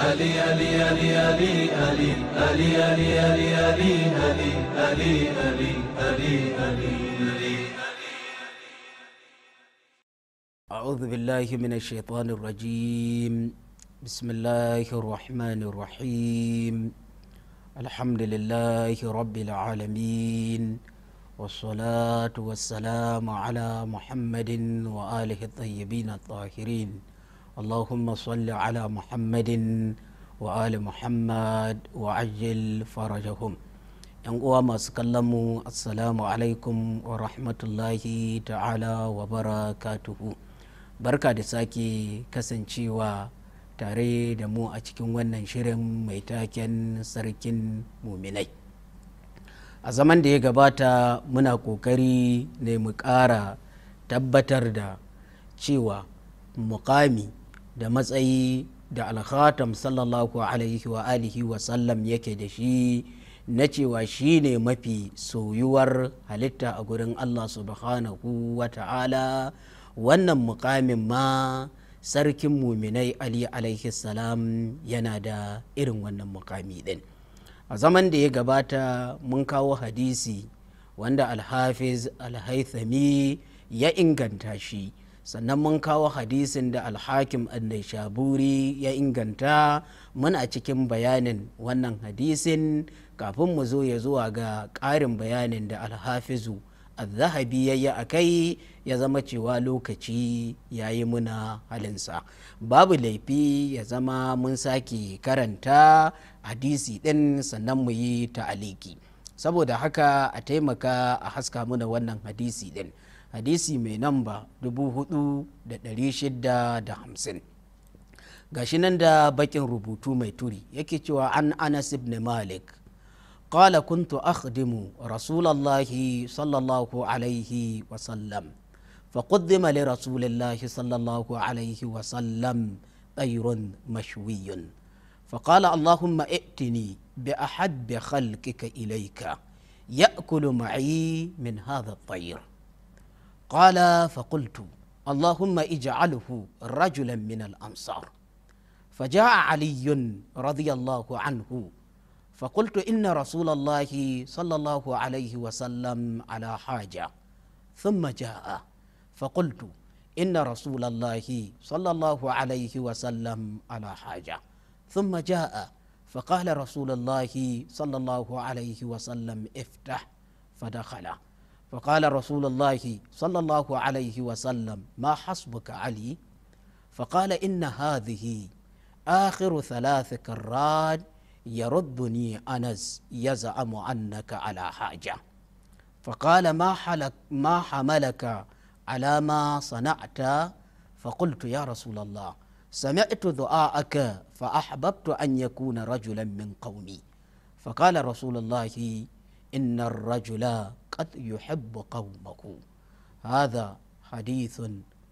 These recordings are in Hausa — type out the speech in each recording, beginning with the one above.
ألي ألي ألي ألي ألي ألي ألي ألي ألي ألي ألي ألي ألي ألي أعوذ بالله من الشيطان الرجيم بسم الله الرحمن الرحيم الحمد لله رب العالمين والصلاة والسلام على محمد وآله الطيبين الطاهرين اللهم صل على محمد وآل محمد وعجل فرجهم yan uwa masu kallon mu asalamu alaikum wa rahmatullahi ta'ala wa barakatuhu barka da sake kasancewa tare da mu a cikin wannan shirin mai taken sarkin muminai a zaman da ya gabata muna ƙoƙari ne mu ƙara tabbatar da cewa muƙami. da matsayi da alkhatam sallallahu alaihi wa alihi wa sallam yake da shi na cewa shi ne mafi soyuwar halitta a gurin Allah subhanahu wa ta'ala wannan mukamin ma sarkin muminai Ali alaihi salam yana da irin wannan mukami din a zaman da ya gabata mun kawo hadisi wanda alhafiz alhaithami ya inganta shi sannan mun kawo hadisin da alhakim annaishaburi ya inganta muna cikin bayanin wannan hadisin kafin mu zo ya zuwa ga ƙarin bayanin da alhafizu zahabi ya yi a kai ya zama cewa lokaci ya yi muna halinsa babu laifi ya zama mun sake karanta hadisi ɗin sannan mu yi ta'aliki saboda haka a taimaka a haska muna wannan hadisi ɗin. hadisi mai namba nan ba 4,650 ga nan da bakin rubutu mai turi yake cewa an anas ibn malik qala kuntu akhdimu rasulallahi sallallahu alaihi wasallam فقدم لرسول الله صلى الله عليه وسلم طير مشوي فقال اللهم ائتني بأحب خلقك إليك يأكل معي من هذا الطير قال فقلت اللهم اجعله رجلا من الأنصار فجاء علي رضي الله عنه فقلت إن رسول الله صلى الله عليه وسلم على حاجة ثم جاء فقلت إن رسول الله صلى الله عليه وسلم على حاجة ثم جاء فقال رسول الله صلى الله عليه وسلم افتح فدخل فقال رسول الله صلى الله عليه وسلم ما حسبك علي فقال إن هذه آخر ثلاث كرات يردني أنس يزعم عنك على حاجة فقال ما, حلك ما حملك على ما صنعت فقلت يا رسول الله سمعت دعاءك فأحببت أن يكون رجلا من قومي فقال رسول الله إن الرجل قد يحب قومه هذا حديث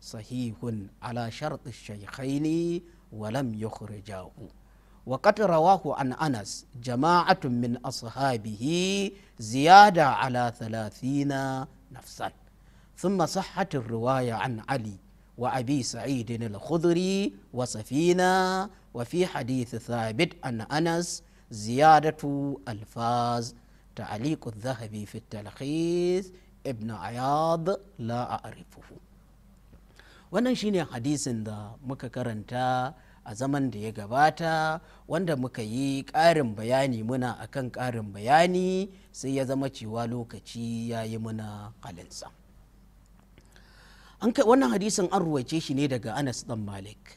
صحيح على شرط الشيخين ولم يخرجاه وقد رواه عن أنس جماعة من أصحابه زيادة على ثلاثين نفسا ثم صحت الرواية عن علي وأبي سعيد الخضري وسفينة وفي حديث ثابت عن أنس زيادة ألفاظ تعليق الذهبي في التلخيص ابن عياض لا أعرفه wannan shine hadisin da muka karanta a zaman da ya gabata wanda muka yi ƙarin bayani muna akan ƙarin bayani sai ya zama cewa lokaci ya yi muna halinsa wannan hadisin an ruwace shi ne daga anas dan malik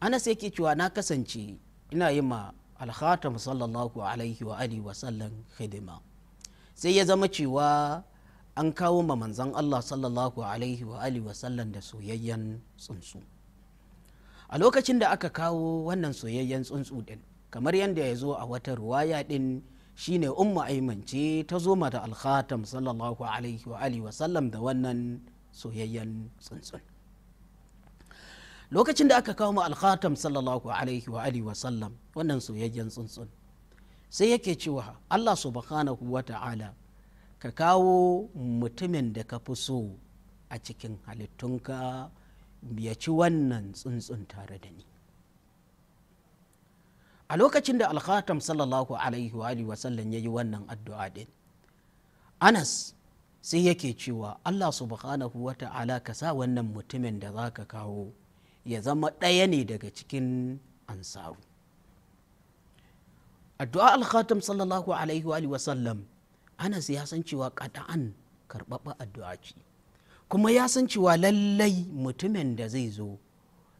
anas yake cewa na kasance ina yi ma alkhatam sallallahu alaihi wa alihi wa sallam hidima sai ya zama cewa an kawo ma manzan Allah sallallahu alaihi wa alihi wa sallam da soyayyen tsuntsu a lokacin da aka kawo wannan soyayyen tsuntsu din kamar yadda ya zo a wata ruwaya din shine umma aimance ta zo mata alkhatam sallallahu alaihi wa alihi wa sallam da wannan soyayyen tsuntsun lokacin da aka kawo mu alkhatam sallallahu alaihi wa alihi wa sallam wannan soyayyen tsuntsun sai yake cewa Allah subhanahu wa ta'ala ka kawo mutumin da ka fi so a cikin halittunka ya ci wannan tsuntsun tare da ni a lokacin da alkhatam sallallahu alaihi wa alihi wa sallam yayi wannan addu'a din Anas sai yake cewa Allah subhanahu wa ta'ala ka sa wannan mutumin da za ka kawo ya zama ɗaya ne daga cikin ansaru addu'a al-khatam sallallahu alaihi wa sallam anas ya san cewa kada'an karɓaɓɓa addu'a ce kuma ya san cewa lallai mutumin da zai zo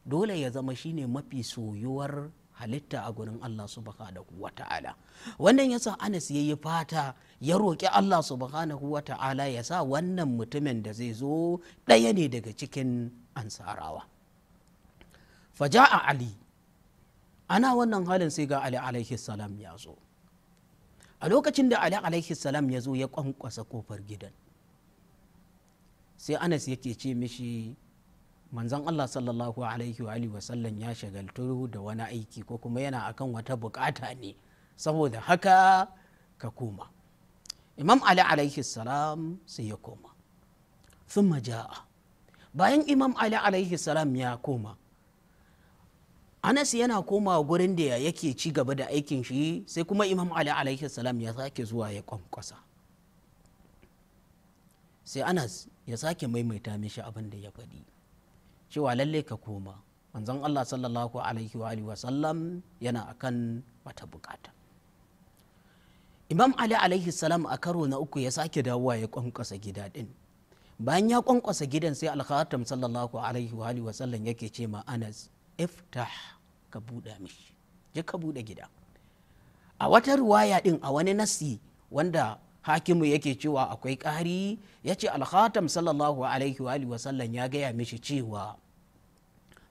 dole ya zama shine mafi soyuwar halitta a gurin Allah subhanahu wa ta'ala wannan yasa Anas yayi fata ya roƙi Allah subhanahu wa ta'ala ya sa wannan mutumin da zai zo ɗaya ne daga cikin ansarawa faja a ali ana wannan halin sai ga ali alaihi salam ya zo a lokacin da ali alaihi salam ya zo ya kwankwasa kofar gidan sai anas yake ce mishi manzon allah sallallahu alaihi wa alihi wasallam ya shagaltu da wani aiki ko kuma yana akan wata bukata ne saboda haka ka koma imam ali alaihi salam sai ya koma sun ja'a bayan imam ali alaihi salam ya koma anas yana komawa gurin da yake ci gaba da aikin shi sai kuma imam ali alaihi salam ya sake zuwa ya kwankwasa sai anas ya sake maimaita mishi abin da ya faɗi cewa lalle ka koma manzon allah sallallahu alaihi wa, wa sallam yana akan wata bukata imam ali alaihi salam a karo na uku ya sake dawowa ya kwankwasa gida din bayan ya kwankwasa gidan sai alkhatam sallallahu alaihi wa, wa sallam yake ce ma anas iftah ka buɗa mishi je ka buɗe gida a wata ruwaya ɗin a wani nasi wanda hakimu yake cewa akwai ƙari ya ce alhatam sallallahu alaihi wa sallam ya gaya mishi cewa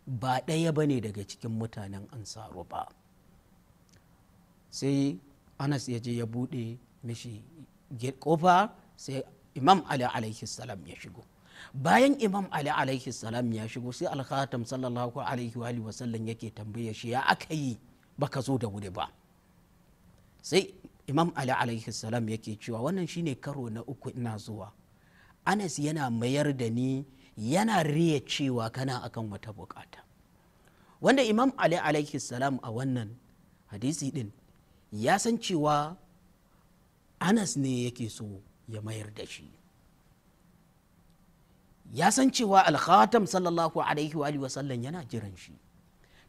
ba ɗaya ba ne daga cikin mutanen ansaru ba sai anas ya je ya buɗe mishi kofa sai imam ali alaihi salam ya shigo bayan imam ali alaihi salam ya shigo sai alkhatam sallallahu alaihi wa sallam yake tambaye shi ya aka yi baka zo da wuri ba sai imam ali alaihi salam yake cewa wannan shine karo na uku ina zuwa anas yana mayar da ni yana riya cewa kana akan wata bukata wanda imam ali alaihi salam a wannan hadisi din ya san cewa anas ne yake so ya mayar da shi ya san cewa alkhatam sallallahu alaihi wa sallam yana jiran shi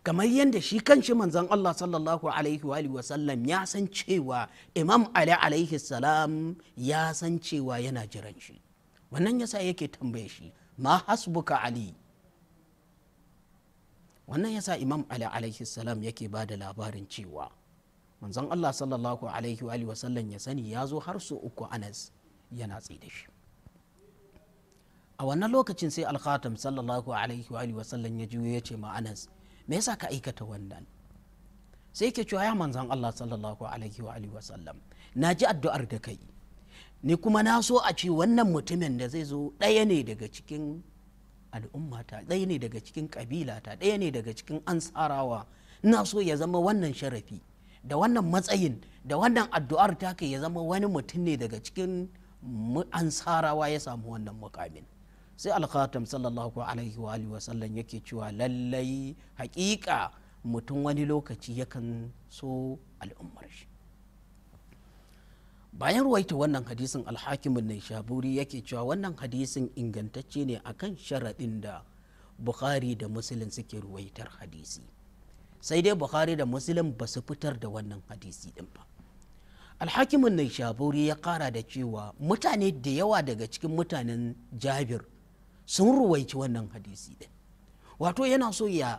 kamar yadda shi kan shi manzan Allah sallallahu alaihi wa sallam ya san cewa imam ali alaihi salam ya san cewa yana jiran shi wannan ya yasa yake tambaye shi ma hasbuka ali wannan ya sa imam ali alaihi salam yake ba da labarin cewa manzan Allah sallallahu alaihi wa sallam ya sani ya zo har su uku anas yana tsaye da shi a wannan lokacin sai alkhatam sallallahu alaihi wa alihi wasallam ya juyo ya ce ma anas me yasa ka aikata wannan sai ke cewa ya manzan Allah sallallahu alaihi wa alihi wasallam na ji addu'ar da kai ni kuma na so a ce wannan mutumin da zai zo ɗaya ne daga cikin al'ummata ɗaya ne daga cikin ƙabilata ɗaya ne daga cikin ansarawa na so ya zama wannan sharafi da wannan matsayin da wannan addu'ar ta ya zama wani mutum ne daga cikin ansarawa ya samu wannan mukamin sai alkhatam sallallahu alaihi wa alihi wasallam yake cewa lallai hakika mutum wani lokaci yakan so al'ummar shi bayan ruwaita wannan hadisin alhakimin nai shaburi yake cewa wannan hadisin ingantacce ne akan sharaɗin da bukhari da musulun suke ruwaitar hadisi sai dai bukhari da musulun ba su fitar da wannan hadisi din ba alhakimin nai shaburi ya kara da cewa mutane da yawa daga cikin mutanen jabir sun ruwaici wannan hadisi din wato yana so ya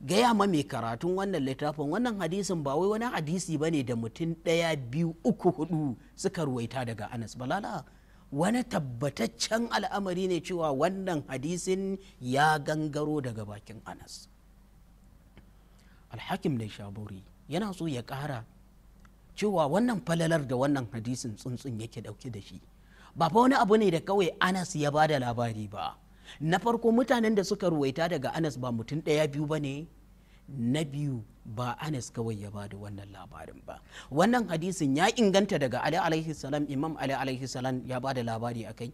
gaya ma mai karatun wannan littafin wannan hadisin ba wai wani hadisi bane da mutum ɗaya biyu uku hudu suka ruwaita daga anas balala wani tabbataccen al'amari ne cewa wannan hadisin ya gangaro daga bakin anas alhakim da shaburi yana so ya kara cewa wannan falalar da wannan hadisin tsuntsun yake ɗauke da shi ba fa wani abu ne da kawai anas ya ba da labari ba na farko mutanen da suka ruwaita daga anas ba mutum ɗaya biyu ba ne na biyu ba anas kawai ya bada wannan labarin ba wannan hadisin ya inganta daga ali alaihi salam imam ali alaihi salam ya bada labari a kai.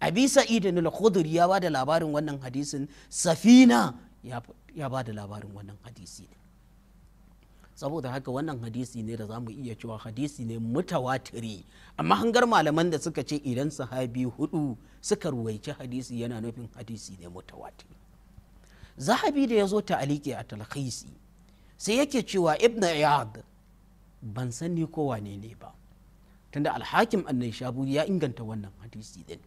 abi sa'idin al ya bada labarin wannan hadisin safina ya bada labarin wannan hadisi saboda haka wannan hadisi ne da zamu mu iya cewa hadisi ne mutawatiri amma hangar malaman da suka ce idan sahabi hudu suka ruwaici hadisi yana nufin hadisi ne mutawatiri zahabi da ya zo ta alike a talhisi sai yake cewa ibn iyad ban san ni ko wane ne ba tunda alhakim annai shabu ya inganta wannan hadisi din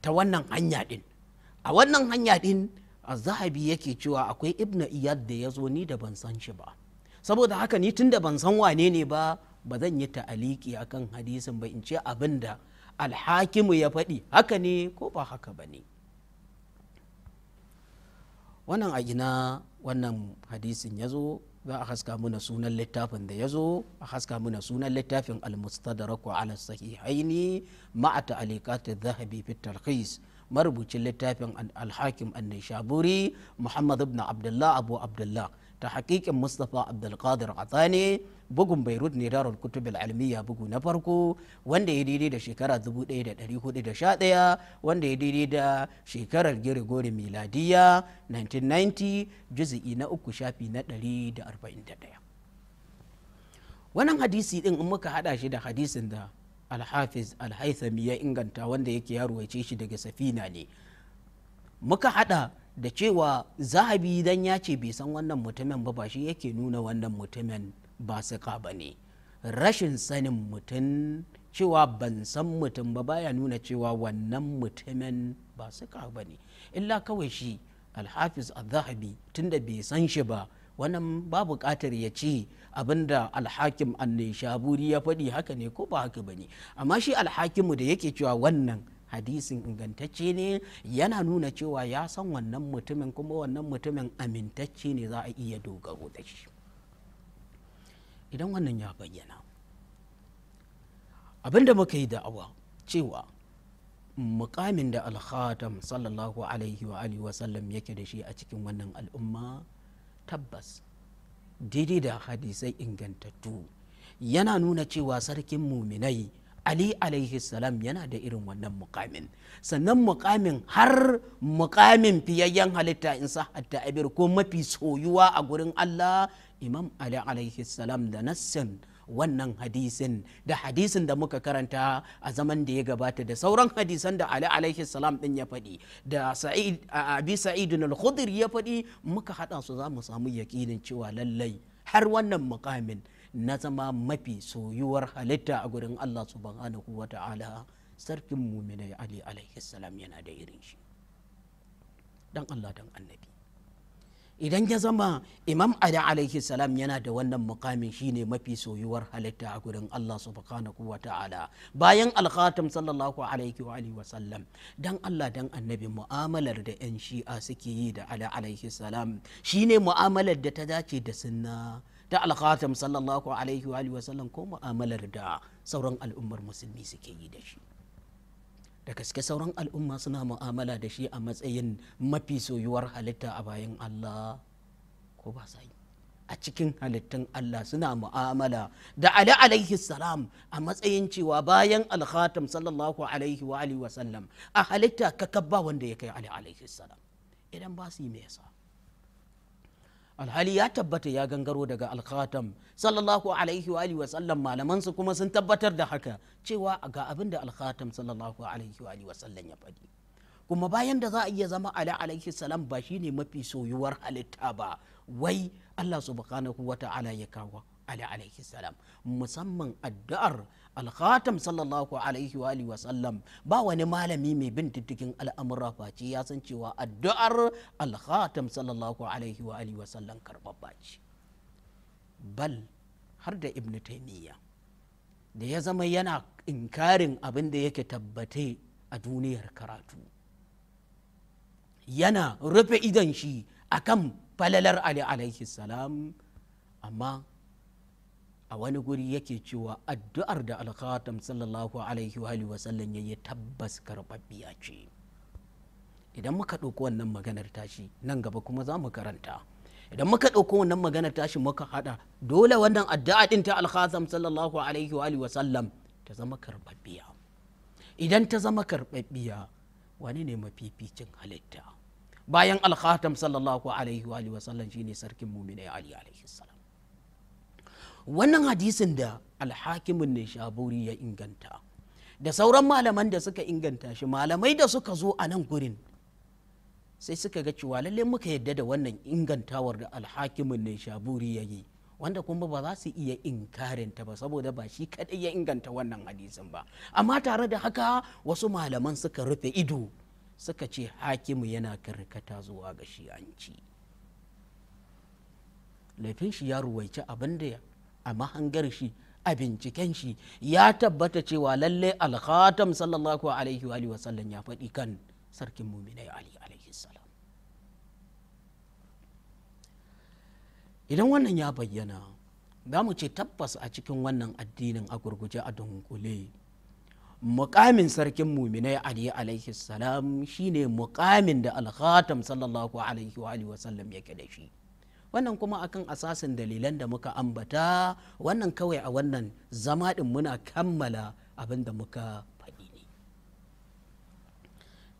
ta wannan hanya din a wannan hanya din a zahabi yake cewa akwai ibn iyad da ya zo ni da ban san shi ba saboda haka ni tunda ban san wane ne ba ba zan yi ta'aliki akan hadisin ba in ce abin da alhakimu ya faɗi haka ne ko ba haka ba ne wannan a ina wannan hadisin ya zo za a haska muna sunan littafin da ya zo a haska muna sunan littafin almustadraku ala sahihaini ma'a ta'aliqat zahabi zahabi fi tarkhis marubucin littafin alhakim annishaburi muhammad ibn abdullah abu abdullah ta hakikin mustapha abdulkadir atsani bugun beirut ne darul kutubin al'almiya bugu na farko wanda ya daidai da shekara 1411 wanda ya daidai da shekarar girigori miladiya 1990 juzi'i na uku shafi na 141 wannan hadisi din in muka hada shi da hadisin da alhafiz alhaithami ya inganta wanda yake ya ruwaice shi daga safina ne muka hada da cewa zahabi idan ya ce bai san wannan mutumin ba ba shi yake nuna wannan mutumin ba suka ba ne rashin sanin mutum cewa ban san mutum ba baya nuna cewa wannan mutumin ba suka ba ne illa kawai shi alhafiz a zahabi tunda bai san shi ba wannan ba buƙatar ya ce abinda alhakim shaburi ya faɗi haka ne ko ba haka ba ne amma shi alhakimu da yake cewa wannan hadisin ingantacce ne yana nuna cewa ya san wannan mutumin kuma wannan mutumin amintacce ne za a iya dogaro da shi idan wannan ya bayyana abinda muka yi da'awa cewa mukamin da alhatam sallallahu alaihi wa alihi wa sallam yake da shi a cikin wannan al'umma tabbas daidai da hadisai ingantattu yana nuna cewa sarkin muminai ali alaihi salam yana da irin wannan mukamin sannan mukamin har mukamin fiyayyen halitta in hatta abir ko mafi soyuwa a gurin allah imam ali alaihi salam da nassin wannan hadisin da hadisin da muka karanta a zaman da ya gabata da sauran hadisan da Ali alaihi salam din ya faɗi da Sa'id Abi Sa'id al ya faɗi muka haɗa su za mu samu yakinin cewa lallai har wannan mukamin na zama mafi soyuwar halitta a gurin Allah subhanahu wa ta'ala sarkin muminai Ali alaihi salam yana da irin shi dan Allah dan annabi idan ya zama imam Ali alaihi salam yana da wannan mukamin shine mafi soyuwar halitta a gurin Allah subhanahu wa ta'ala bayan al alkhatam sallallahu alaihi wa alihi wasallam sallam dan Allah dan annabi mu'amalar da yan shi'a suke yi da Ali alaihi salam shine mu'amalar da ta dace da sunna da alkhatam sallallahu alaihi wa sallam ko mu'amalar da sauran al'ummar musulmi suke yi da shi da gaske sauran al'umma suna mu'amala da shi a matsayin mafi soyuwar halitta a bayan Allah ko ba a cikin halittun Allah suna mu'amala da Ali alaihi salam a matsayin cewa bayan alkhatam sallallahu alaihi wa sallam a halitta kakabba wanda ya kai Ali alaihi salam idan ba su yi me yasa alhali ya tabbata ya gangaro daga alkhatam sallallahu alaihi wa alihi wasallam malaman su kuma sun tabbatar da haka cewa ga abin da alkhatam sallallahu alaihi wa alihi wasallam ya faɗi kuma bayan da za a iya zama ala alaihi salam ba shine mafi soyuwar halitta ba wai Allah subhanahu wa ta'ala ya kawo ala alaihi salam musamman addu'ar alkhatam sallallahu alaihi wa alihi wasallam ba wani malami mai bin diddigin al'amura face ya san cewa addu'ar alkhatam sallallahu alaihi wa alihi wasallam karbabba ce bal har da ibn Taymiya da ya zama yana inkarin abin da yake tabbate a duniyar karatu yana rufe idan shi akan falalar ali alaihi salam amma a wani guri yake cewa addu'ar da alkhatam sallallahu alaihi wa sallam ya yi tabbas karbabbiya ce idan muka ɗauko wannan maganar tashi nan gaba kuma za mu karanta idan muka ɗauko wannan maganar tashi muka haɗa dole wannan addu'a din ta alkhatam sallallahu alaihi wa sallam ta zama karbabbiya idan ta zama karbabbiya wani ne mafificin halitta bayan alkhatam sallallahu alaihi wa sallam shine sarkin mumina ali alaihi wannan hadisin da alhakimin ne shaburi ya inganta da sauran malaman da suka inganta shi malamai da suka zo a nan gurin sai suka ga cewa lalle muka yadda da wannan ingantawar da alhakimin ne shaburi ya yi wanda kuma ba za su iya inkarinta ba saboda ba shi kadai ya inganta wannan hadisin ba amma tare da haka wasu malaman suka rufe ido suka ce hakimu yana karkata zuwa ga shi'anci laifin shi ya ruwaici abin da a mahangar shi a binciken shi ya tabbata cewa lalle alhatam sallallahu alaihi wa sallam ya faɗi kan sarkin muminai ali alaihi salam idan wannan ya bayyana za mu ce tabbas a cikin wannan addinin a gurguje a dunkule mukamin sarkin muminai ali alaihi salam shine mukamin da alhatam sallallahu alaihi wa sallam yake da shi wannan kuma akan asasin dalilan da muka ambata wannan kawai a wannan zama din muna kammala abin da muka faɗi ne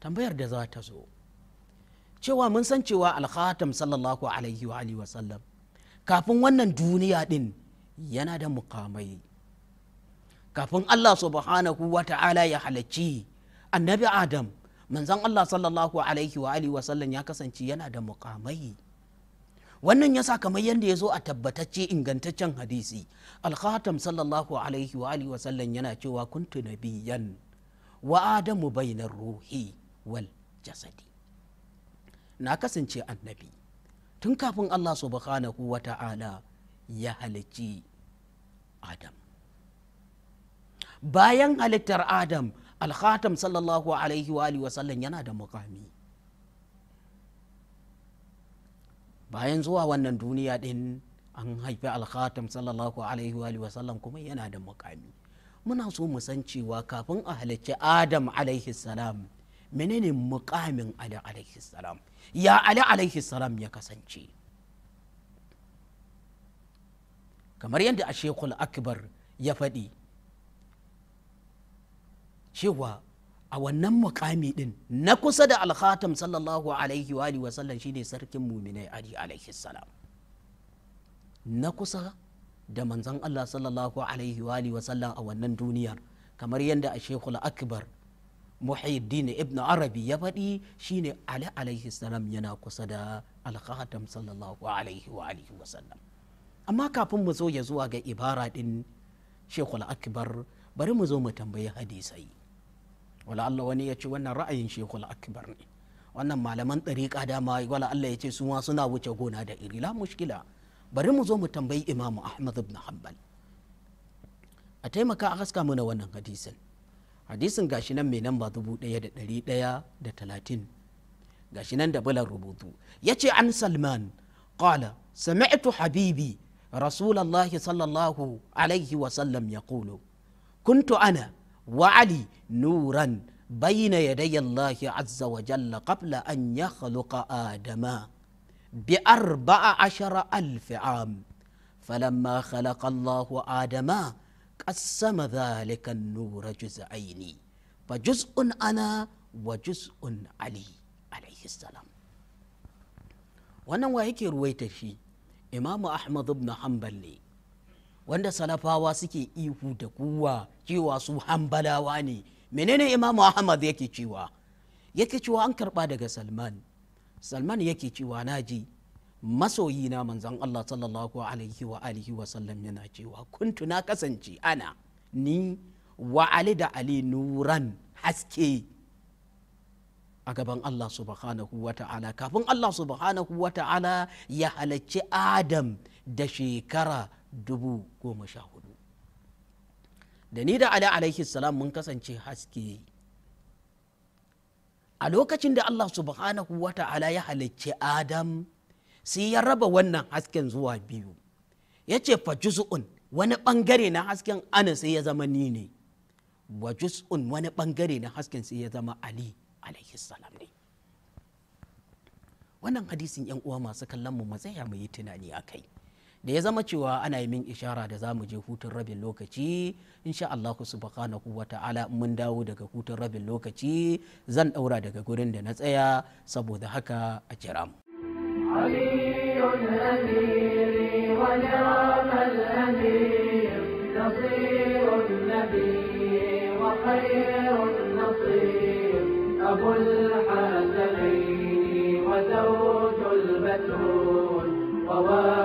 tambayar da za ta zo cewa mun san cewa alhatam sallallahu alaihi wa alihi wasallam kafin wannan duniya din yana da mukamai kafin Allah subhanahu wa ta'ala ya halacci annabi adam manzon Allah sallallahu alaihi wa alihi wasallam ya kasance yana da mukamai wannan yasa kamar yadda ya zo a tabbatacce ingantaccen hadisi alkhatam sallallahu alaihi wa alihi wasallam yana cewa kuntu nabiyan wa adamu bainar ruhi wal jasadi na kasance annabi tun kafin Allah subhanahu wa ta'ala ya halicci adam bayan halittar adam alkhatam sallallahu alaihi wa alihi wasallam yana da mukami bayan zuwa wannan duniya din an haifi alkhatam sallallahu alaihi wa sallam kuma yana da mukami muna so mu san cewa kafin a halicci adam alaihi salam menene mukamin ali alaihi salam ya ali alaihi salam ya kasance kamar yadda a shekul akbar ya faɗi cewa a wannan mukami din na kusa da alkhatam sallallahu alaihi wa alihi wasallam shine sarkin muminai ali alaihi salam na kusa da manzon Allah sallallahu alaihi wa alihi a wannan duniyar kamar yadda a shekul akbar muhiddin ibn arabi ya faɗi shine ali alaihi salam yana kusa da alkhatam sallallahu alaihi wa alihi amma kafin mu zo ya zuwa ga ibara din shekul akbar bari mu zo mu tambayi hadisai wala Allah wani ya ce wannan ra'ayin shekul akbar ne wannan malaman ɗariƙa dama wala Allah ya ce su ma suna wuce gona da iri la mushkila bari mu zo mu tambayi imamu ahmad ibn hanbal a taimaka a haska mana wannan hadisin hadisin gashi nan mai namba dubu ɗaya da ɗari ɗaya da talatin gashi nan da bulan rubutu ya ce an salman qala sami'tu habibi rasulallahi sallallahu alaihi wasallam ya kulo kuntu ana وعلي نورا بين يدي الله عز وجل قبل أن يخلق آدم بأربع عشر ألف عام فلما خلق الله آدم قسم ذلك النور جزئين فجزء أنا وجزء علي عليه السلام وانا وهيك رويتشي إمام أحمد بن حنبل ibn wanda salafawa suke ihu da kuwa cewa su hambalawa ne menene imamu ahmad yake cewa yake cewa an karba daga salman salman yake cewa na ji masoyi na manzon allah sallallahu alaihi wa alihi wa sallam yana cewa kuntu na kasance ana ni wa ali da ali nuran haske a gaban Allah subhanahu wa ta'ala kafin Allah subhanahu wa ta'ala ya halarci Adam da shekara dubu goma sha hudu da ni da ala alaihi salam mun kasance haske a lokacin da allah subhanahu wa ta'ala ya halicci adam sai ya raba wannan hasken zuwa biyu ya ce fa juz'un wani bangare na hasken ana sai ya zama ni ne wa juz'un wani bangare na hasken sai ya zama ali alaihi salam ne wannan hadisin yan uwa masu kallon mu matsaya mu yi tunani a kai da ya zama cewa ana yi min ishara da za mu je hutun rabin lokaci insha Allah subhanahu wa ta'ala mun dawo daga hutun rabin lokaci zan daura daga gurin da na tsaya saboda haka a kira mu أبو الحسنين وزوج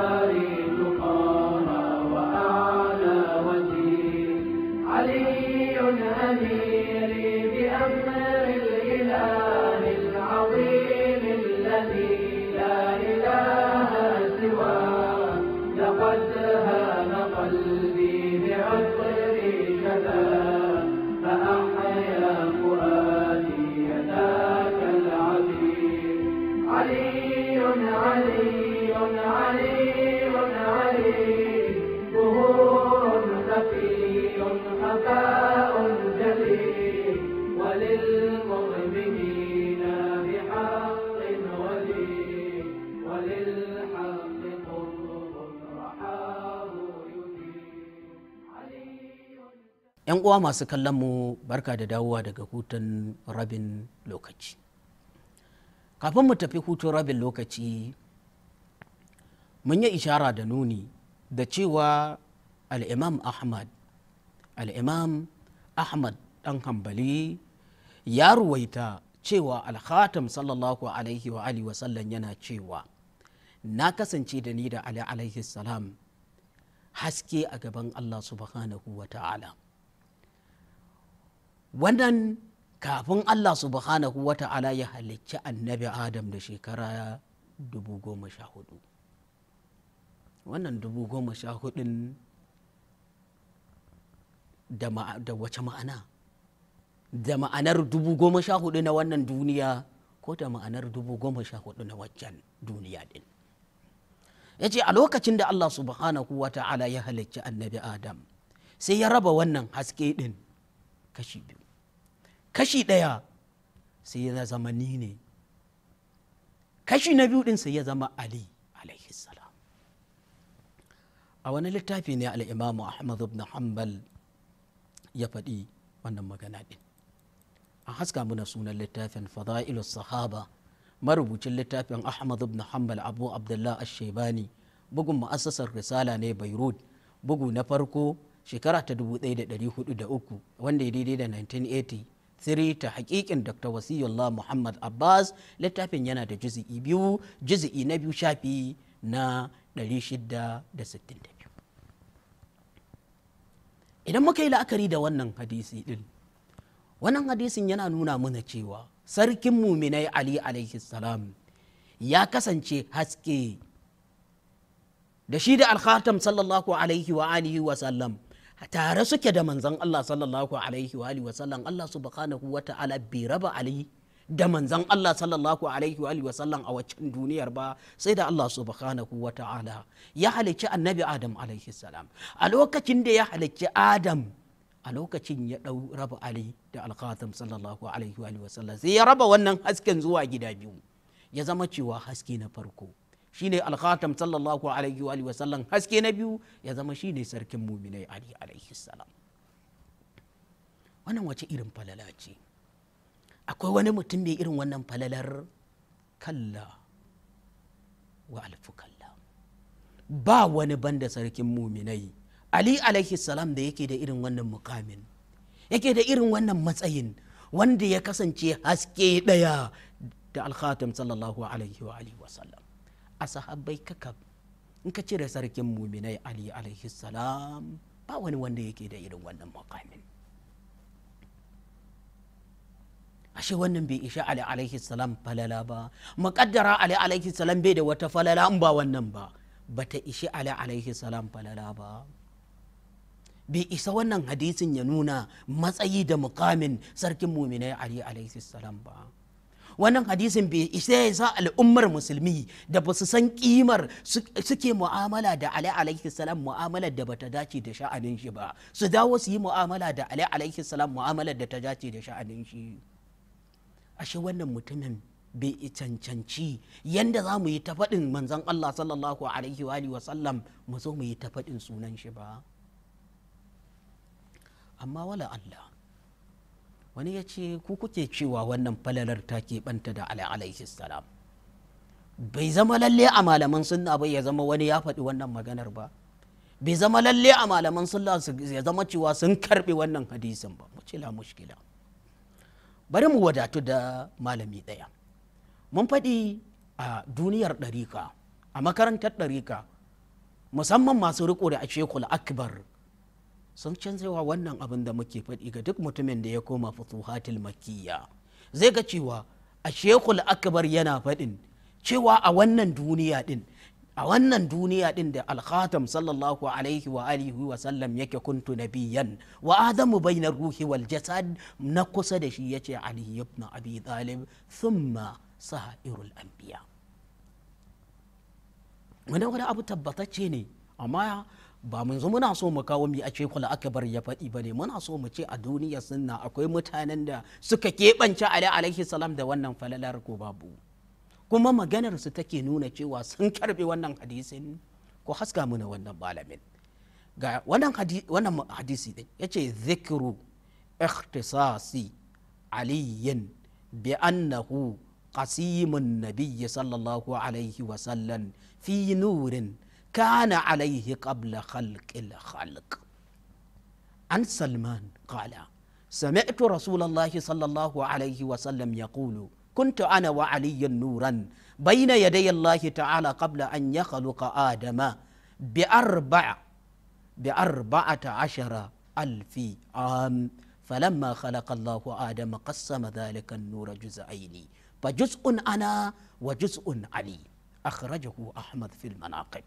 'yan uwa masu kallon mu barka da dawowa daga hutun rabin lokaci kafin mu tafi hutun rabin lokaci mun yi ishara da nuni da cewa al'imam ahmad al'imam ahmad dan hambali ya ruwaita cewa alhatam sallallahu alaihi wa alihi wasallam yana cewa na kasance da ni da ali alaihi salam haske a gaban allah subhanahu wa ta'ala wannan kafin Allah subhanahu wa ta'ala ya halicci annabi Adam da shekara dubu goma sha hudu wannan dubu goma sha hudun da wace ma'ana da ma'anar dubu goma sha hudu na wannan duniya ko da ma'anar dubu goma sha hudu na waccan duniya din ya ce a lokacin da Allah subhanahu wa ta'ala ya halicci annabi Adam sai ya raba wannan haske din kashi biyu kashi ɗaya sai ya zama ni ne kashi na biyu ɗin sai ya zama ali alaihi salam a wani littafi ne al'imamu ahmad ibn hanbal ya faɗi wannan magana ɗin an haska muna sunan littafin fada'ilus sahaba marubucin littafin ahmad ibn hanbal abu abdullah ashebani bugun ma'asasar risala ne beirut bugu na farko shekara ta 1403 wanda ya daidai da 1980 ta hakikin dr wasiyullah muhammad abbas littafin yana da juzi'i biyu juzi'i na biyu shafi na 662 idan muka yi la'akari da wannan hadisi din wannan hadisin yana nuna mana cewa sarkin muminai ali alaihi salam ya kasance haske da shi da alkhatam sallallahu alaihi wa alihi wa sallam tare suke da manzan Allah sallallahu alaihi wa alihi wasallam Allah subhanahu wa ta'ala raba ali da manzan Allah sallallahu alaihi wa alihi wasallam a duniyar ba sai da Allah subhanahu wa ta'ala ya halicci annabi Adam alaihi salam a lokacin da ya halicci Adam a lokacin ya dau raba ali da alqatam sallallahu alaihi wa alihi wasallam sai ya raba wannan hasken zuwa gida biyu ya zama cewa haske na farko shine alkhatam sallallahu alaihi wa sallam haske na biyu ya zama shine sarkin muminai ali alaihi salam wannan wace irin falala ce akwai wani mutum mai irin wannan falalar kalla wa alfu kalla ba wani banda sarkin muminai ali alaihi salam da yake da irin wannan mukamin yake da irin wannan matsayin wanda ya kasance haske ɗaya da alkhatam sallallahu alaihi wa sallam a sahabbai kakab in ka cire sarkin muminai ali alaihi salam ba wani wanda yake da irin wannan makamin ashe wannan bai isha ali alaihi salam falala ba makaddara ali alaihi salam bai da wata falala in ba wannan ba ba ta ishi ali alaihi salam falala ba bai isa wannan hadisin ya nuna matsayi da mukamin sarkin muminai ali alaihi salam ba wannan hadisin bai isa ya sa al'ummar musulmi da ba su san kimar suke mu'amala da ali alaihi salam mu'amala da bata dace da sha'anin shi ba su dawo su yi mu'amala da ali alaihi salam mu'amala da ta dace da sha'anin shi ashe wannan mutumin bai cancanci yanda za mu yi ta faɗin manzon Allah sallallahu alaihi wa sallam mu zo mu yi ta faɗin sunan shi ba amma wala Allah wani ya ce ku kuke cewa wannan falalar ta keɓanta da ali alaihi salam bai zama lalle a malaman sunna ba ya zama wani ya faɗi wannan maganar ba bai zama lalle a malaman sunna ya zama cewa sun karɓi wannan hadisin ba mu ce la mushkila bari mu wadatu da malami ɗaya mun faɗi a duniyar ɗarika a makarantar ɗarika musamman masu riko da shekul akbar sun canzawa wannan abin da muke faɗi ga duk mutumin da ya koma futuhatil makiyya zai ga cewa a shekul akbar yana faɗin cewa a wannan duniya din a wannan duniya din da alkhatam sallallahu alaihi wa alihi wa sallam yake kuntu nabiyan wa adamu bayna ruhi wal jasad na kusa da shi yace ali ibn abi talib thumma sa'irul anbiya wannan wani abu tabbatacce ne amma ba mun zo muna so mu kawo mi a ce kula akbar ya faɗi ba ne muna so mu ce a duniya sunna akwai mutanen da suka keɓance ali alaihi salam da wannan falalar ko babu kuma maganar su take nuna cewa sun karbe wannan hadisin ko haska muna wannan malamin ga wannan hadisi din yace zikru ikhtisasi aliyin bi annahu qasimun nabiyyi sallallahu alaihi wa sallam fi nurin كان عليه قبل خلق الخلق عن سلمان قال سمعت رسول الله صلى الله عليه وسلم يقول كنت أنا وعلي نورا بين يدي الله تعالى قبل أن يخلق آدم بأربع بأربعة عشر ألف عام فلما خلق الله آدم قسم ذلك النور جزئين فجزء أنا وجزء علي أخرجه أحمد في المناقب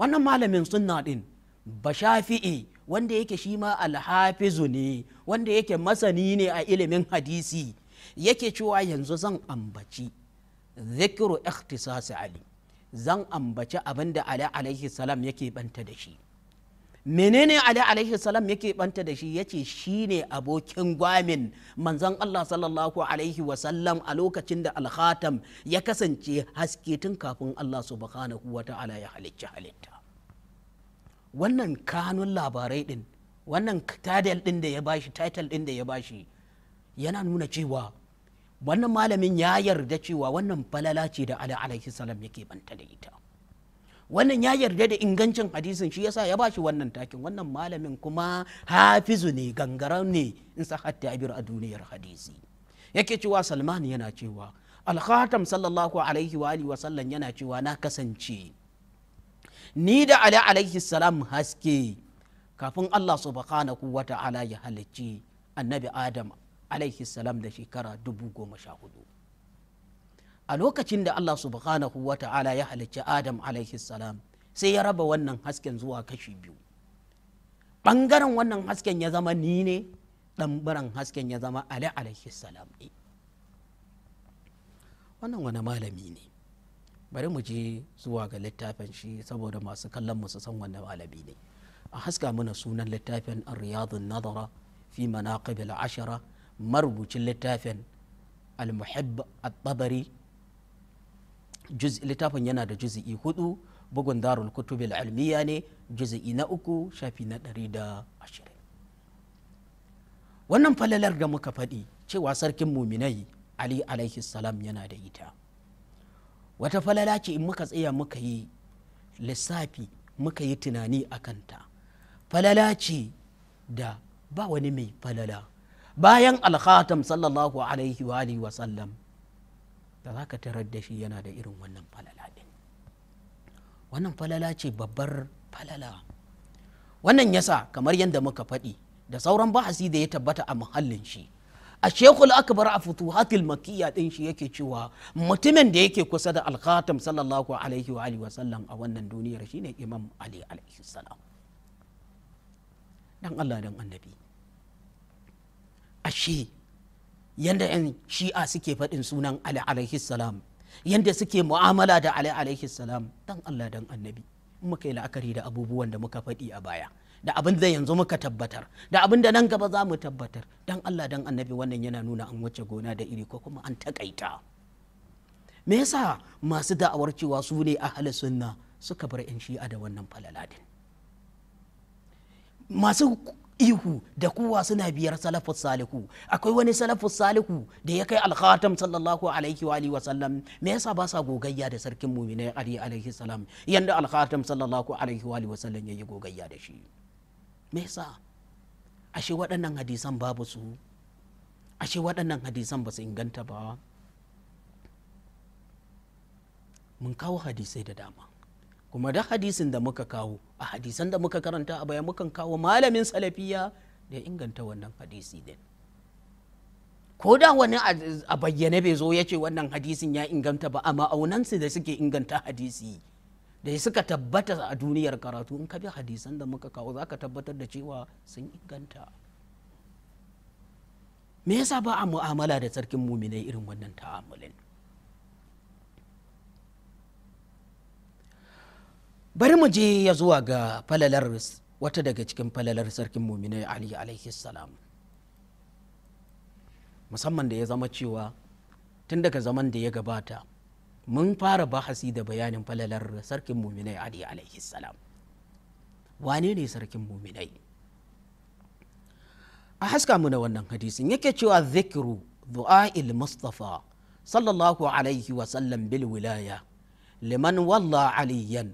wannan malamin sunna din bashafi'i wanda yake shi ma alhafizu ne wanda yake masani ne a ilimin hadisi yake cewa yanzu zan ambaci zikiru ikhtisasi ali zan ambaci abin da ali alaihi salam yake banta da shi menene ali alaihi salam yake banta da shi yace shine abokin gwamin manzon Allah sallallahu alaihi a lokacin da alhatam ya kasance haske tun kafin Allah subhanahu wata'ala ya halicci halitta wannan kanun labarai din wannan title din da ya bashi title din da ya bashi yana nuna cewa wannan malamin ya yarda cewa wannan falala ce da ali alaihi salam yake banta da ita wannan ya yarda da ingancin hadisin shi yasa ya bashi wannan takin wannan malamin kuma hafizu ne gangaran ne in sa hatta abir a duniyar hadisi yake cewa salman yana cewa alkhatam sallallahu alaihi wa alihi wa sallam yana cewa na kasance ni da ali alaihi salam haske kafin allah subhanahu wa ta'ala ya halicci annabi adam alaihi salam da shekara dubu goma sha hudu a lokacin da Allah subhanahu wa ta'ala ya halicci Adam alaihi salam sai ya raba wannan hasken zuwa kashi biyu ɓangaren wannan hasken ya zama ni ne ɗambaran hasken ya zama Ali alaihi salam ne wannan wani malami ne bari mu je zuwa ga littafin shi saboda masu kallon mu su san wani malami ne a haska mana sunan littafin riyadun nadara fi manaqib al-ashara marubucin littafin al-muhibb at-tabari littafin yana da juz'i hudu bugun darul kutubil almiya ne juz'i na uku shafi na ɗari da ashirin wannan falalar da muka faɗi cewa sarkin muminai ali alaihi salam yana da ita wata falala ce in muka tsaya muka yi lissafi muka yi tunani a kanta falala ce da ba wani mai falala bayan alkhatam sallallahu alaihi wa sallam da za ka tarar da shi yana da irin wannan falala ɗin wannan falala ce babbar falala wannan yasa kamar yadda muka faɗi da sauran bahasi da ya tabbata a muhallin shi a shekul akbar a futu hakil makiya din shi yake cewa mutumin da yake kusa da alkhatam sallallahu alaihi wa alihi wasallam a wannan duniyar shine imam ali alaihi salam dan Allah dan annabi ashe yanda yan shi'a suke faɗin sunan ali alaihi salam yanda suke mu'amala da ali alaihi salam dan allah dan annabi muka yi la'akari da abubuwan da muka faɗi a baya da abin da yanzu muka tabbatar da abin da nan gaba za mu tabbatar dan allah dan annabi wannan yana nuna an wuce gona da iri ko kuma an takaita me yasa masu da'awar cewa su ne ahli sunna suka bar yan shi'a da wannan falaladin masu ihu da kowa suna biyar salafus salihu akwai wani salafus salihu da ya kai alkhatam sallallahu alaihi wa wa sallam me yasa ba sa gogayya da sarkin mu'minai ali alaihi salam yanda alkhatam sallallahu alaihi wa wa sallam yayi gogayya da shi me yasa ashe waɗannan hadisan babu su ashe waɗannan hadisan ba su inganta ba mun kawo hadisai da dama kuma da hadisin da muka kawo a hadisan da muka karanta a baya mukan kawo malamin salafiya da inganta wannan hadisi din ko da wani a bayyane bai zo ya ce wannan hadisin ya inganta ba amma aunansu da suke inganta hadisi da suka tabbata a duniyar karatu in ka bi hadisan da muka kawo za ka tabbatar da cewa sun inganta me yasa ba a mu'amala da sarkin muminai irin wannan ta'amulin bari mu je ya zuwa ga falalar wata daga cikin falalar sarkin mumina ali alaihi salam musamman da ya zama cewa tun daga zaman da ya gabata mun fara bahasi da bayanin falalar sarkin muminai ali alaihi salam wane ne sarkin muminai a haska mu na wannan hadisin yake cewa zikiru du'a'il mustafa sallallahu alaihi wa sallam bil wilaya liman walla aliyan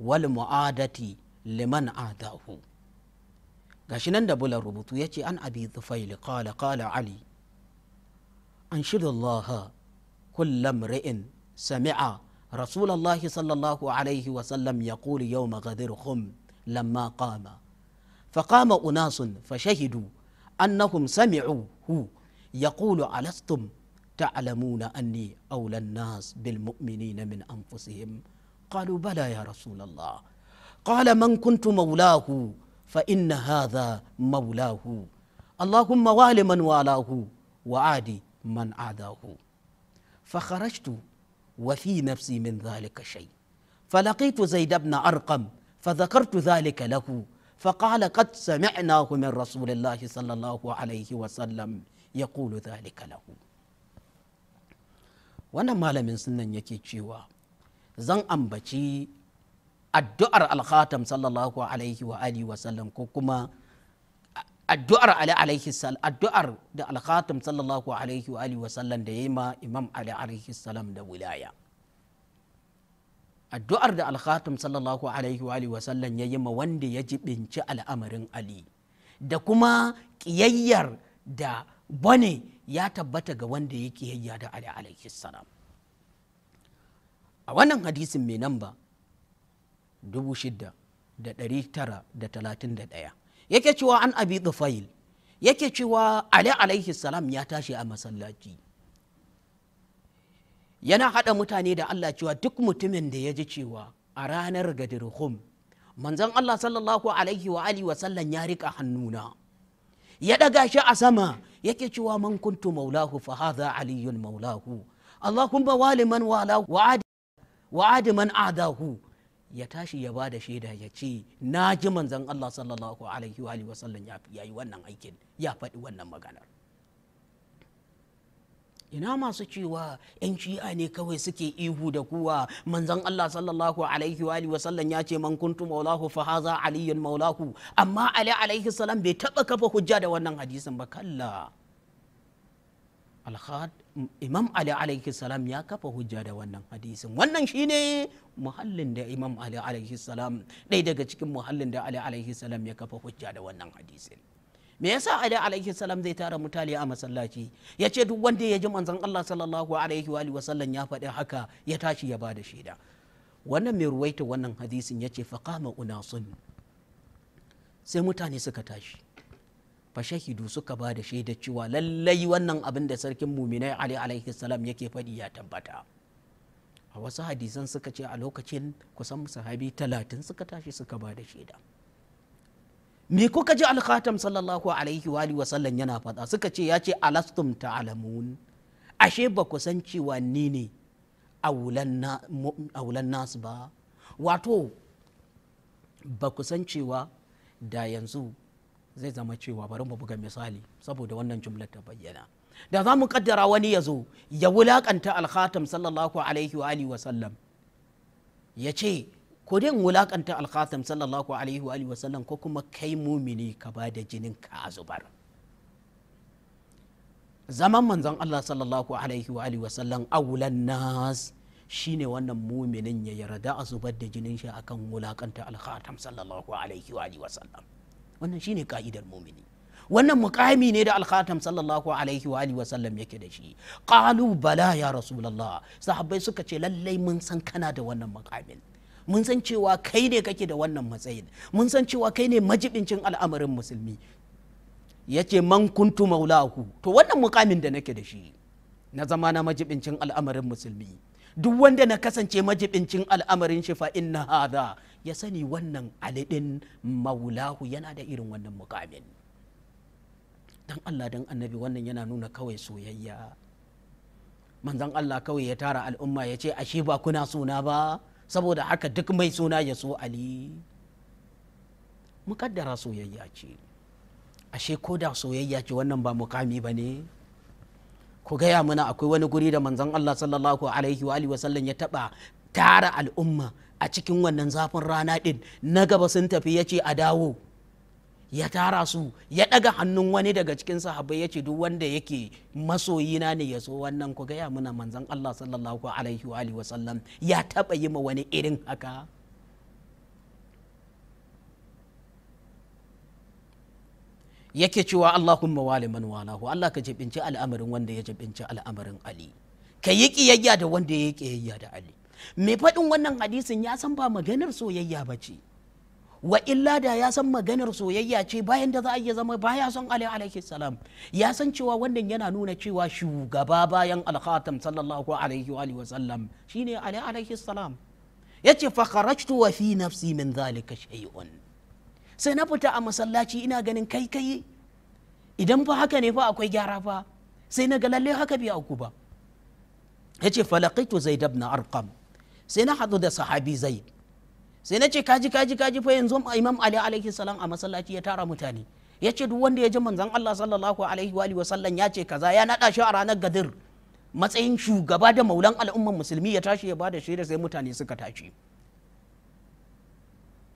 walmu'adati liman adahu gashi nan da bulan rubutu yace an abi zufaili qala qala ali an Allah kullam ra'in sami'a رسول الله صلى الله عليه وسلم يقول يوم غدر خم لما قام فقام أناس فشهدوا أنهم سمعوه يقول ألستم تعلمون أني أولى الناس بالمؤمنين من أنفسهم قالوا بلى يا رسول الله قال من كنت مولاه فإن هذا مولاه اللهم وال من والاه وعادي من عاداه فخرجت وفي نفسي من ذلك شيء فلقيت زيد بن أرقم فذكرت ذلك له فقال قد سمعناه من رسول الله صلى الله عليه وسلم يقول ذلك له مالا من سنن يكي جيوا zan ambaci addu'ar alkhatam sallallahu alaihi wa alihi wa sallam ko kuma addu'ar ali alaihi sal addu'ar da alkhatam sallallahu alaihi wa alihi wa sallam da ma imam ali alaihi salam da wilaya addu'ar da alkhatam sallallahu alaihi wa alihi wa sallam yayi ma wanda ya jibinci al'amarin ali da kuma kiyayyar da bane ya tabbata ga wanda ya kiyayya da ali alaihi salam a wannan hadisin mai namba 6,931 yake cewa an abi tufail yake cewa ali alaihi salam ya tashi a masallaci yana hada mutane da allah cewa duk mutumin da ya ji cewa a ranar gadirhum manzon allah sallallahu alaihi wa alihi wa sallam ya rika hannuna ya daga shi a sama yake cewa man kuntu maulahu fa hadha aliyun maulahu allahumma waliman walahu wa wa adiman adahu ya tashi ya bada shaida ya ce na ji manzan Allah sallallahu alaihi wa sallam ya yi wannan aikin ya fadi wannan maganar ina masu cewa yan shi'a ne kawai suke ihu da kuwa manzan Allah sallallahu alaihi wa sallam ya ce man kuntu maulahu fa haza aliyyun maulahu amma ali alaihi salam bai taba kafa hujja da wannan hadisin ba kalla imam ali alaihi salam ya kafa hujja da wannan hadisin wannan shine muhallin da imam ali alaihi salam ɗaya daga cikin muhallin da ali alaihi salam ya kafa hujja da wannan hadisin me yasa ali alaihi salam zai tara mutane a masallaci ya ce duk wanda ya ji manzon Allah sallallahu alaihi wa sallam ya faɗi haka ya tashi ya bada shaida wannan mai ruwaita wannan hadisin ya ce faqama unasun sai mutane suka tashi fa shahidu suka ba da shaidar cewa lallai wannan abin da sarkin muminai ali alaihi salam yake faɗi ya tabbata a wasu hadisan suka ce a lokacin kusan sahabi talatin suka tashi suka ba da shaida me kuka ji alkhatam sallallahu alaihi wa sallam yana faɗa suka ce ya ce alastum ta'lamun ashe ba ku san cewa ni ne aulan nasu ba wato ba ku san cewa da yanzu zai zama cewa bari mu buga misali saboda wannan jumlar ta bayyana da za mu kaddara wani ya zo ya wulakanta alkhatam sallallahu alaihi wa alihi wa sallam ya ce ko dai wulakanta alkhatam sallallahu alaihi wa alihi wa sallam ko kuma kai mumini ka ba da jinin ka a zubar zaman manzon Allah sallallahu alaihi wa alihi wa sallam awulan nas shine wannan muminin ya yarda a zubar da jinin shi akan wulakanta alkhatam sallallahu alaihi wa alihi wa sallam wannan shine ka'idar mumini wannan mukami ne da alkhatam sallallahu alaihi wa alihi yake da shi qalu bala ya rasulullah sahabbai suka ce lallai mun san kana da wannan mukamin mun san cewa kai ne kake da wannan matsayin mun san cewa kai ne majibincin al'amarin musulmi yace man kuntu maulahu to wannan mukamin da nake da shi na zama na majibincin al'amarin musulmi duk wanda na kasance majibincin al'amarin shi fa inna hadha ya sani wannan alidin maulahu yana da irin wannan mukamin dan Allah dan annabi wannan yana nuna kawai soyayya manzan Allah kawai ya tara al'umma ya ce ashe ba kuna suna ba saboda haka duk mai suna ya so Ali mukaddara soyayya ce ashe ko da soyayya ce wannan ba mukami ba ne ku gaya mana akwai wani guri da manzan Allah sallallahu alaihi wa sallam ya taba tara al'umma a cikin wannan zafin rana ɗin na gaba sun tafi ya ce a dawo ya tara su ya ɗaga hannun wani daga cikin sahabbai ya ce duk wanda yake masoyina ne ya so wannan ku gaya muna manzan Allah sallallahu alaihi wa alihi wasallam ya taɓa yi ma wani irin haka yake cewa Allahumma wali man walahu Allah ka jibinci al'amarin wanda ya jibinci al'amarin Ali ka yi kiyayya da wanda ya yi kiyayya da Ali mai faɗin wannan hadisin ya san ba maganar soyayya ba ce wa illa da ya san maganar soyayya ce bayan da za a iya zama baya son ali alaihi salam ya san cewa wannan yana nuna cewa shugaba bayan alkhatam sallallahu alaihi wa sallam shine ali alaihi salam yace fa kharajtu wa fi nafsi min zalika shay'un sai na fita a masallaci ina ganin kai kai idan fa haka ne fa akwai gyara fa sai na ga lalle haka bai auku ba yace falaqitu zaid ibn arqam sai na hadu da sahabi zaid sai na ce kaji kaji kaji fa yanzu imam ali alaihi salam a masallaci ya tara mutane ya ce duk wanda ya ji manzon Allah sallallahu alaihi wa sallam ya ce kaza ya naɗa shi a ranar gadir matsayin shugaba da maulan al'umman musulmi ya tashi ya bada shaida sai mutane suka tashi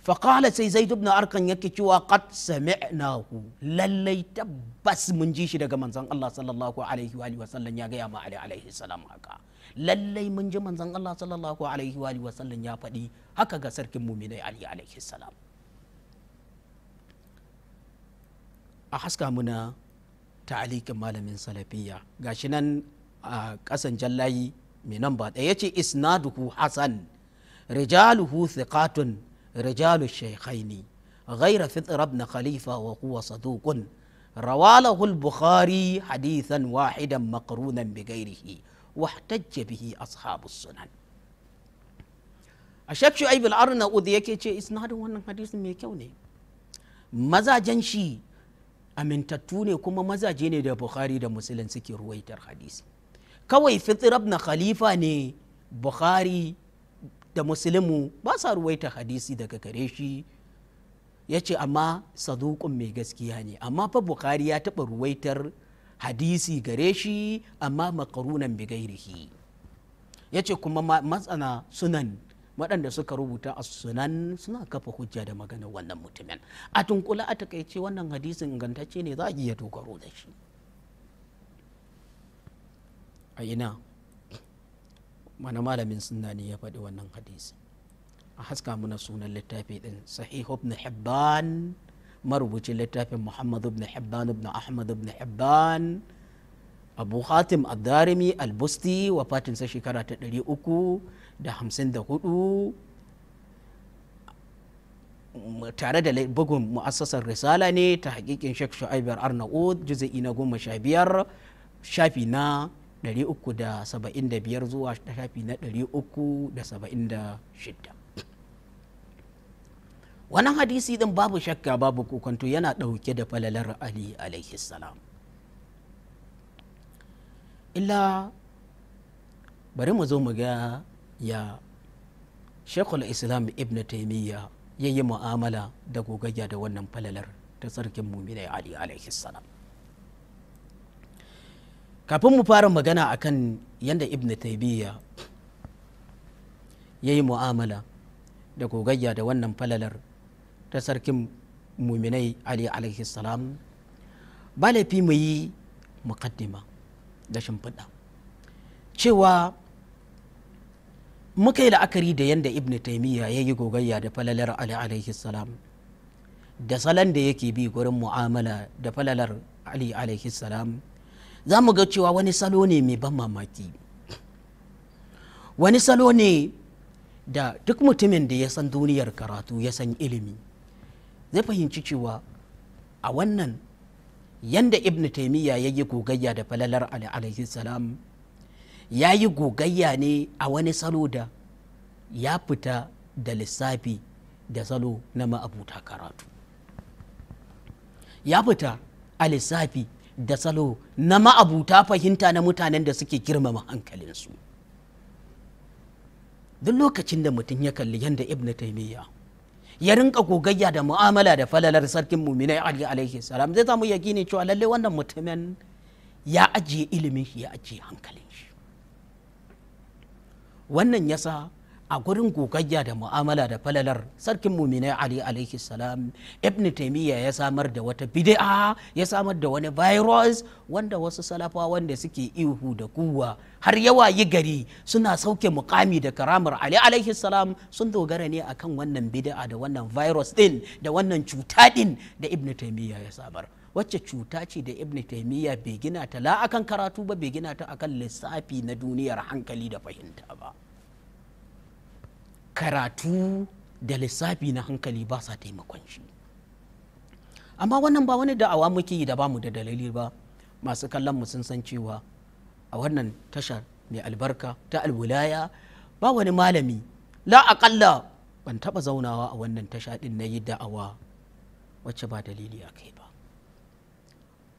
faƙala sai zaid ibn arkan yake cewa qad sami'nahu lallai tabbas mun ji shi daga manzon Allah sallallahu alaihi wa sallam ya ga ya ma ali alaihi salam haka lallai mun ji manzon Allah sallallahu alaihi wa sallam ya faɗi haka ga sarkin muminai Ali alaihi salam a haska muna ta'alikin malamin salafiya gashi nan a ƙasan jallayi mai nan ba ɗaya ce isnaduhu hasan rijaluhu thiqatun rijalu shaykhaini khalifa wa ابن خليفة وهو صدوق رواه البخاري حديثا واحدا مقرونا بغيره wahtajja bihi ashabus sunan a shek shu'aib al-arnaud yake ce isnadin wannan hadisin mai kyau ne mazajen shi amintattu ne kuma mazaje ne da bukhari da musulun suke ruwaitar hadisi kawai fitr na khalifa ne bukhari da musulmu basa sa ruwaitar hadisi daga gare shi ya ce amma saduƙun mai gaskiya ne amma fa bukhari ya taɓa ruwaitar hadisi gare shi amma makarunan bigairihi gairihi ya ce kuma matsana sunan waɗanda suka rubuta a sunan suna kafa hujja da maganar wannan mutumin a tunkula a takaice wannan hadisin ingantacce ne za a iya dogaro da shi a ina mana malamin suna ne ya faɗi wannan hadisi a haska muna sunan littafi ɗin sahihu ibn hibban marubucin littafin muhammad ibn hibban ibn ahmad ibn hibban abu hatim adarimi albusti wafatinsa shekara ta 354 tare da bugun mu'assasar risala ne ta hakikin shek shu'aibar arnaud juzai na goma sha biyar shafi na 375 zuwa shafi na 376 Wani hadisi din babu shakka babu kokonto yana ɗauke da falalar ali alaihi salam illa bari mu zo mu ga ya shekul islam ibn taimiyya ya yi mu'amala da gogayya da wannan falalar ta sarkin mumina ali alaihi salam kafin mu fara magana akan yadda ibn taimiyya ya yi mu'amala da gogayya da wannan falalar ta sarkin muminai ali alaihi salam ba laifi mu yi muqaddima da shimfiɗa cewa muka yi la'akari da yadda ibn taimiyya ya yi gogayya da falalar ali alaihi salam da salon da yake bi gurin mu'amala da falalar ali alaihi salam za mu ga cewa wani salo ne mai ban mamaki wani salo ne da duk mutumin da ya san duniyar karatu ya san ilimi zai fahimci cewa a wannan yanda ibn taimiyya ya yi gogayya da falalar alaihi salam ya yi gogayya ne a wani salo da ya fita da lissafi da salo na ma'abuta karatu ya fita a lissafi da salo na ma'abuta fahimta na mutanen da suke girmama hankalinsu duk lokacin da mutum ya kalli yadda ibn taimiyya ya rinka gogayya da mu'amala da falalar sarkin muminai ali alaihi salam zai samu ya gini cewa lalle wannan mutumin ya ajiye ilimin shi ya ajiye hankalin shi wannan yasa a gurin gogayya da mu'amala da falalar sarkin muminai ali alaihi salam ibn taimiyya ya samar da wata bid'a ya samar da wani virus wanda wasu salafa wanda suke ihu da kuwa har yawa yi gari suna sauke mukami da karamar ali alaihi salam sun dogara ne akan wannan bid'a da wannan virus din da wannan cuta din da ibn taimiyya ya samar wacce cuta ce da ibn taimiyya bai gina ta la akan karatu ba bai gina ta akan lissafi na duniyar hankali da fahimta ba karatu da lissafi na hankali ba sa taimakon shi amma wannan ba wani da'awa muke yi da bamu da dalili ba masu kallon mu sun san cewa a wannan tashar mai albarka ta alwulaya ba wani malami la aƙalla ban taɓa zaunawa a wannan tasha ɗin na yi da'awa wacce ba dalili a kai ba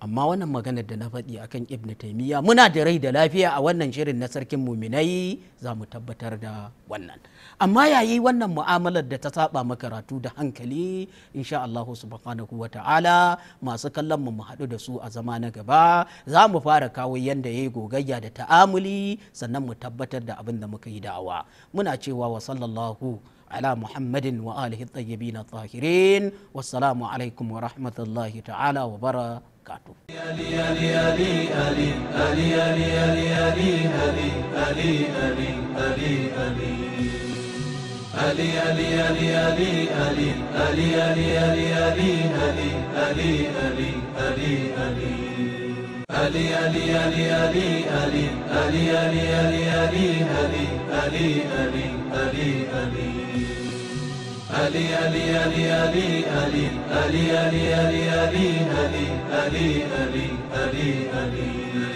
amma wannan maganar da na faɗi akan ibn taimiyya muna da rai da lafiya a wannan shirin na sarkin muminai za mu tabbatar da wannan amma yayi wannan mu'amalar da ta saba makaratu da hankali insha Allah subhanahu wa ta'ala masu kallon mu haɗu da su a zama na gaba za mu fara kawo yanda yayi gogayya da ta'amuli sannan mu tabbatar da abin da muka yi da'awa muna cewa wa sallallahu wa محمد وآله الطيبين الطاهرين والسلام عليكم ورحمة ta'ala تعالى وبركاته علي علي علي علي علي علي علي علي علي علي علي ألي ألي ألي ألي ألي ألي ألي ألي ألي ألي ألي ألي ألي